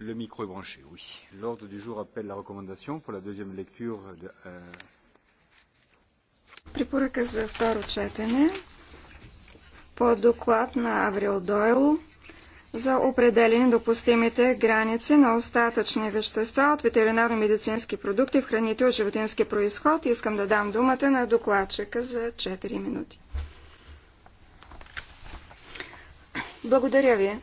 Le micro est branché, oui. L'ordre du jour appelle la recommandation pour la deuxième lecture de... euh... за второ по доклад на Аврил Дойл за определени допустимите граници на остатъчни вещества от ветеринарно-медицински продукти в храните от животински происход. Искам да дам думата на докладчика за 4 минути. Благодаря ви.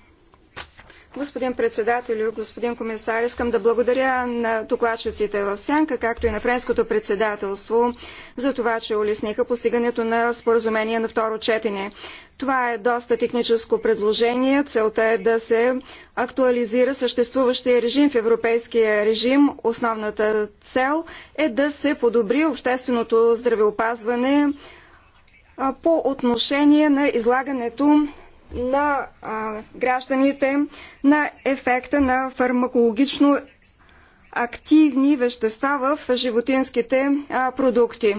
Господин председател, господин комисар, искам да благодаря на докладчиците в Сянка, както и на френското председателство, за това, че улесниха постигането на споразумение на второ четене. Това е доста техническо предложение. Целта е да се актуализира съществуващия режим в европейския режим. Основната цел е да се подобри общественото здравеопазване по отношение на излагането на а, гражданите на ефекта на фармакологично активни вещества в животинските а, продукти.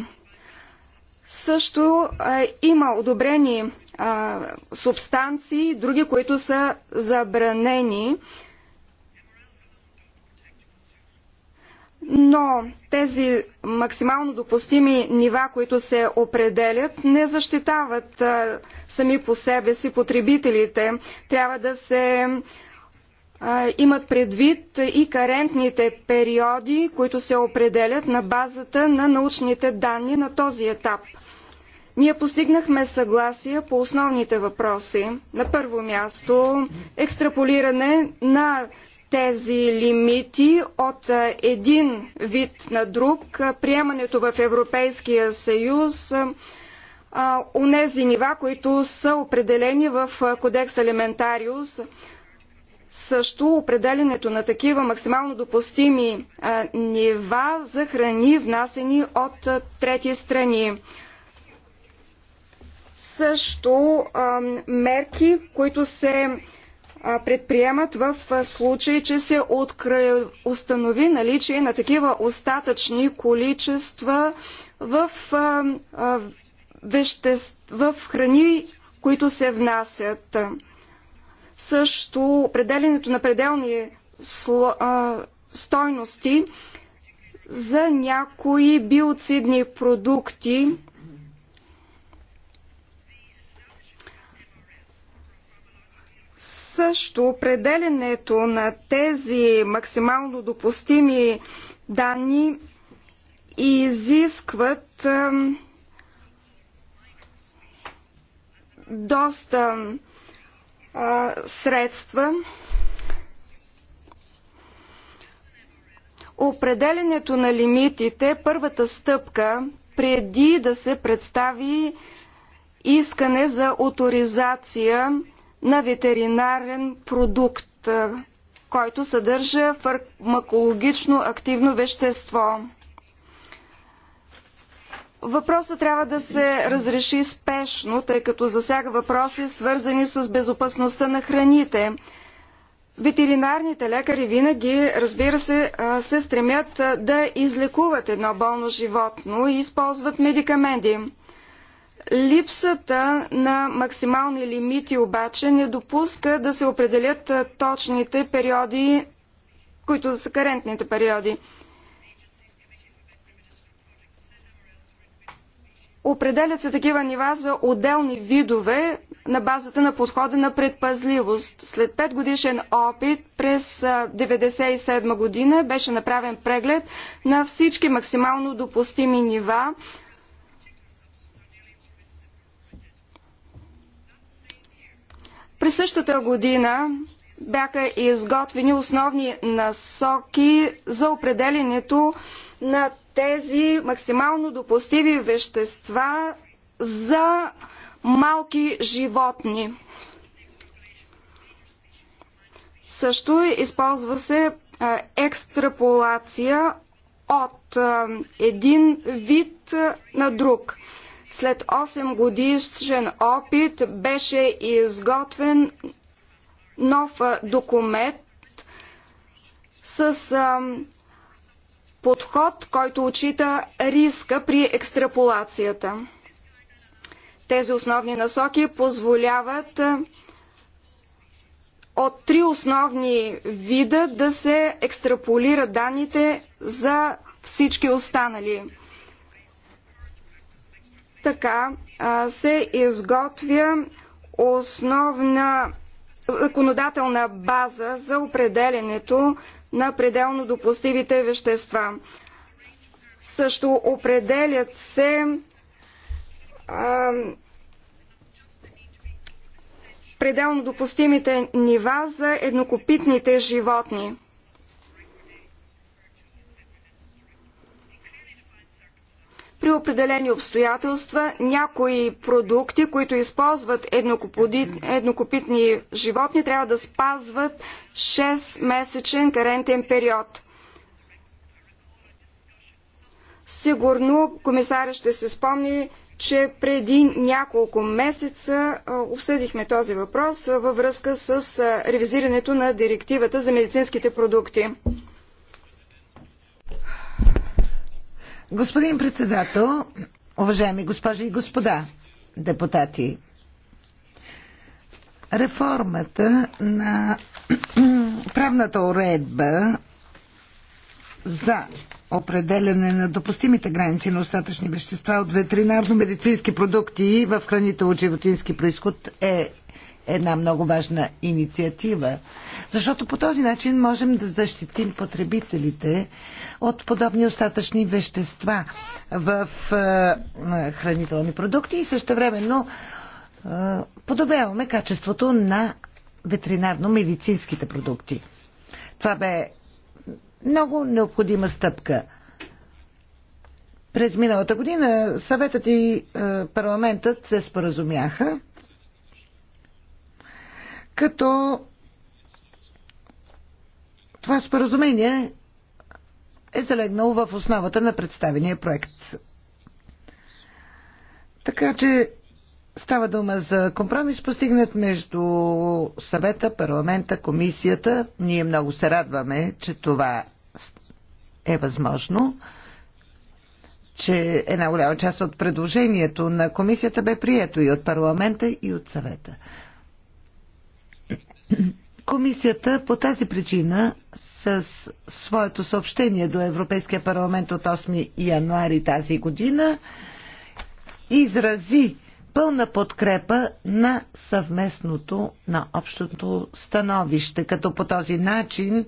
Също а, има одобрени а, субстанции, други, които са забранени но тези максимално допустими нива, които се определят, не защитават а, сами по себе си потребителите. Трябва да се а, имат предвид и карентните периоди, които се определят на базата на научните данни на този етап. Ние постигнахме съгласие по основните въпроси. На първо място екстраполиране на тези лимити от един вид на друг, приемането в Европейския съюз, онези нива, които са определени в Кодекс Елементариус, също определенето на такива максимално допустими нива за храни, внасени от трети страни. Също мерки, които се предприемат в случай, че се откр... установи наличие на такива остатъчни количества в, а, а, веще... в храни, които се внасят. Също определенето на пределни сло... а, стойности за някои биоцидни продукти Също определенето на тези максимално допустими данни изискват доста средства. Определенето на лимитите е първата стъпка преди да се представи искане за авторизация на ветеринарен продукт, който съдържа фармакологично активно вещество. Въпросът трябва да се разреши спешно, тъй като засяга въпроси, свързани с безопасността на храните. Ветеринарните лекари винаги, разбира се, се стремят да излекуват едно болно животно и използват медикаменти. Липсата на максимални лимити обаче не допуска да се определят точните периоди, които са карентните периоди. Определят се такива нива за отделни видове на базата на подхода на предпазливост. След 5 годишен опит през 1997 година беше направен преглед на всички максимално допустими нива През същата година бяха изготвени основни насоки за определенето на тези максимално допустими вещества за малки животни. Също използва се екстраполация от един вид на друг след 8 годишен опит беше изготвен нов документ с подход, който отчита риска при екстраполацията. Тези основни насоки позволяват от три основни вида да се екстраполират данните за всички останали. Така се изготвя основна законодателна база за определенето на пределно допустимите вещества. Също определят се а, пределно допустимите нива за еднокопитните животни. при определени обстоятелства някои продукти, които използват еднокопитни животни, трябва да спазват 6-месечен карентен период. Сигурно комисаря ще се спомни, че преди няколко месеца обсъдихме този въпрос във връзка с ревизирането на директивата за медицинските продукти. Господин председател, уважаеми госпожи и господа депутати, реформата на правната уредба за определяне на допустимите граници на остатъчни вещества от ветеринарно-медицински продукти в храните от животински происход е една много важна инициатива, защото по този начин можем да защитим потребителите от подобни остатъчни вещества в е, хранителни продукти и също е, подобяваме качеството на ветеринарно-медицинските продукти. Това бе много необходима стъпка. През миналата година съветът и е, парламентът се споразумяха като това споразумение е залегнало в основата на представения проект. Така че става дума за компромис постигнат между съвета, парламента, комисията. Ние много се радваме, че това е възможно, че една голяма част от предложението на комисията бе прието и от парламента, и от съвета. Комисията по тази причина с своето съобщение до Европейския парламент от 8 януари тази година изрази пълна подкрепа на съвместното, на общото становище, като по този начин е,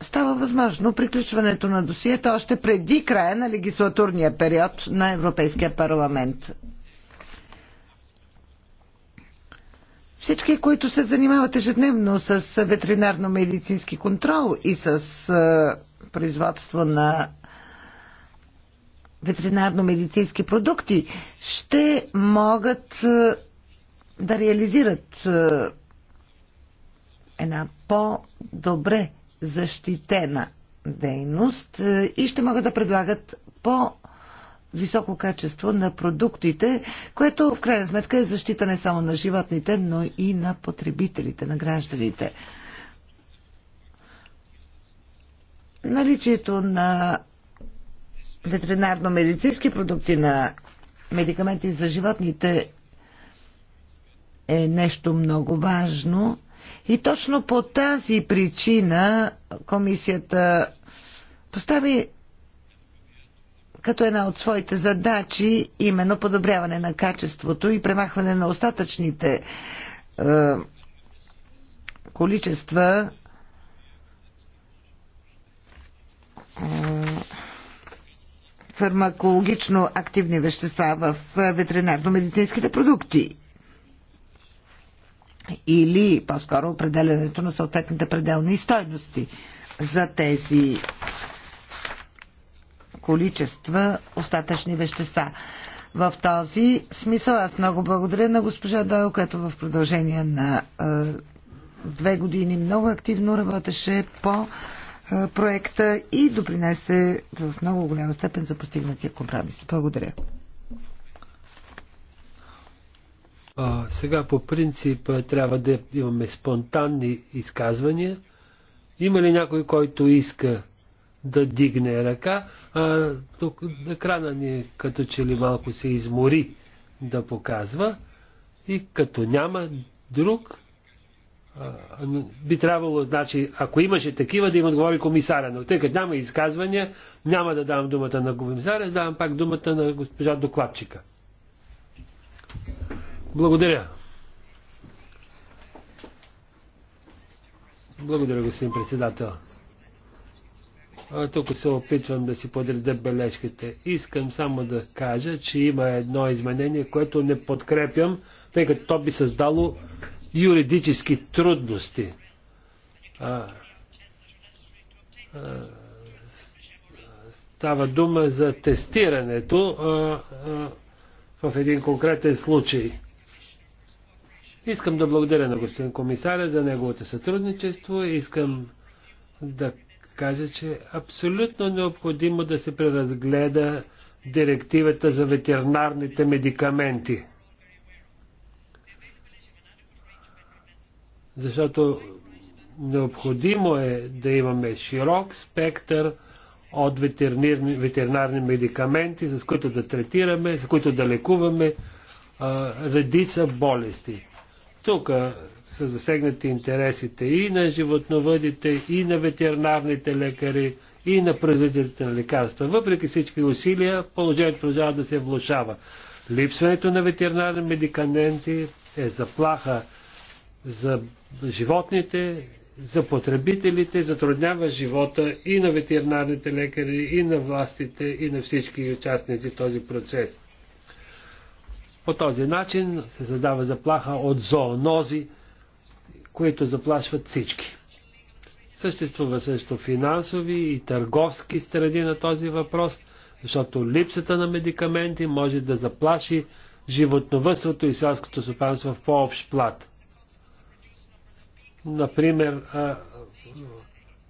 става възможно приключването на досието още преди края на легислатурния период на Европейския парламент. Всички, които се занимават ежедневно с ветеринарно-медицински контрол и с производство на ветеринарно-медицински продукти, ще могат да реализират една по-добре защитена дейност и ще могат да предлагат по- високо качество на продуктите, което в крайна сметка е защита не само на животните, но и на потребителите, на гражданите. Наличието на ветеринарно-медицински продукти на медикаменти за животните е нещо много важно и точно по тази причина комисията постави като една от своите задачи именно подобряване на качеството и премахване на остатъчните е, количества е, фармакологично активни вещества в ветеринарно-медицинските продукти или по-скоро определянето на съответните пределни стойности за тези количества остатъчни вещества. В този смисъл аз много благодаря на госпожа Дойл, която в продължение на две години много активно работеше по проекта и допринесе в много голяма степен за постигнатия компромис. Благодаря. А, сега по принцип трябва да имаме спонтанни изказвания. Има ли някой, който иска да дигне ръка. А, тук екрана ни като че ли малко се измори да показва и като няма друг, а, би трябвало, значи, ако имаше такива, да им отговори комисаря, но тъй като няма изказвания, няма да давам думата на комисаря, давам пак думата на госпожа докладчика. Благодаря. Благодаря, господин председател. Тук се опитвам да си подредя бележките. Искам само да кажа, че има едно изменение, което не подкрепям, тъй като то би създало юридически трудности. А, а, става дума за тестирането а, в един конкретен случай. Искам да благодаря на господин комисаря за неговото сътрудничество. Искам да кажа, че е абсолютно необходимо да се преразгледа директивата за ветеринарните медикаменти. Защото необходимо е да имаме широк спектър от ветеринарни, ветеринарни медикаменти, с които да третираме, с които да лекуваме а, редица болести. Тук са засегнати интересите и на животновъдите, и на ветеринарните лекари, и на производителите на лекарства. Въпреки всички усилия, положението продължава да се влушава. Липсването на ветеринарни медикаменти е заплаха за животните, за потребителите, затруднява живота и на ветеринарните лекари, и на властите, и на всички участници в този процес. По този начин се задава заплаха от зоонози, които заплашват всички. Съществува също финансови и търговски страни на този въпрос, защото липсата на медикаменти може да заплаши животновътството и селското стопанство в по-общ плат. Например,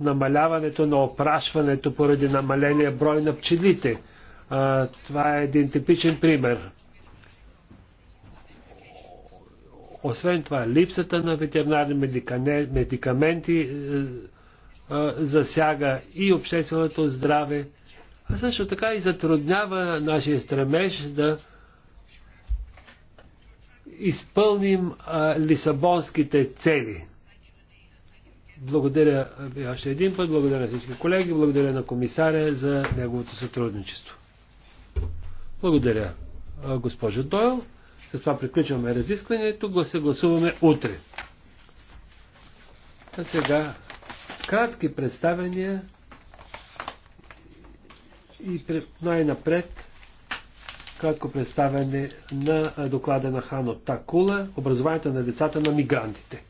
намаляването на опрашването поради намаления брой на пчелите. Това е един типичен пример. Освен това, липсата на ветеринарни медикаменти е, е, засяга и общественото здраве, а също така и затруднява нашия стремеж да изпълним а, лисабонските цели. Благодаря още един път, благодаря на всички колеги, благодаря на комисаря за неговото сътрудничество. Благодаря, госпожо Дойл. С това приключваме разискването, го се гласуваме утре. А сега кратки представения и най-напред кратко представяне на доклада на Хано Такула, образованието на децата на мигрантите.